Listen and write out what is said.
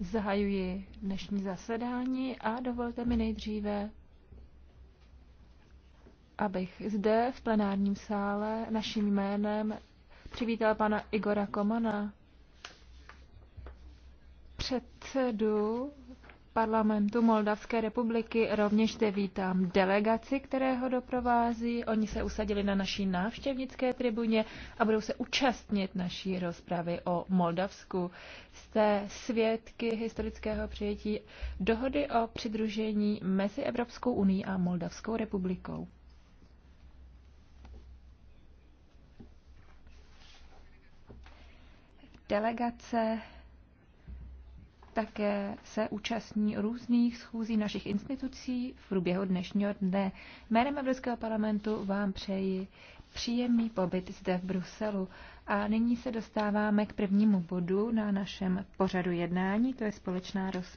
Zahajuji dnešní zasedání a dovolte mi nejdříve, abych zde v plenárním sále naším jménem přivítal pana Igora Komana, předsedu parlamentu Moldavské republiky. Rovněž zde vítám delegaci, které ho doprovází. Oni se usadili na naší návštěvnické tribuně a budou se účastnit naší rozpravy o Moldavsku. Jste svědky historického přijetí dohody o přidružení mezi Evropskou unii a Moldavskou republikou. Delegace také se účastní různých schůzí našich institucí v průběhu dnešního dne. Jménem Evropského parlamentu vám přeji příjemný pobyt zde v Bruselu. A nyní se dostáváme k prvnímu bodu na našem pořadu jednání, to je společná rozprava.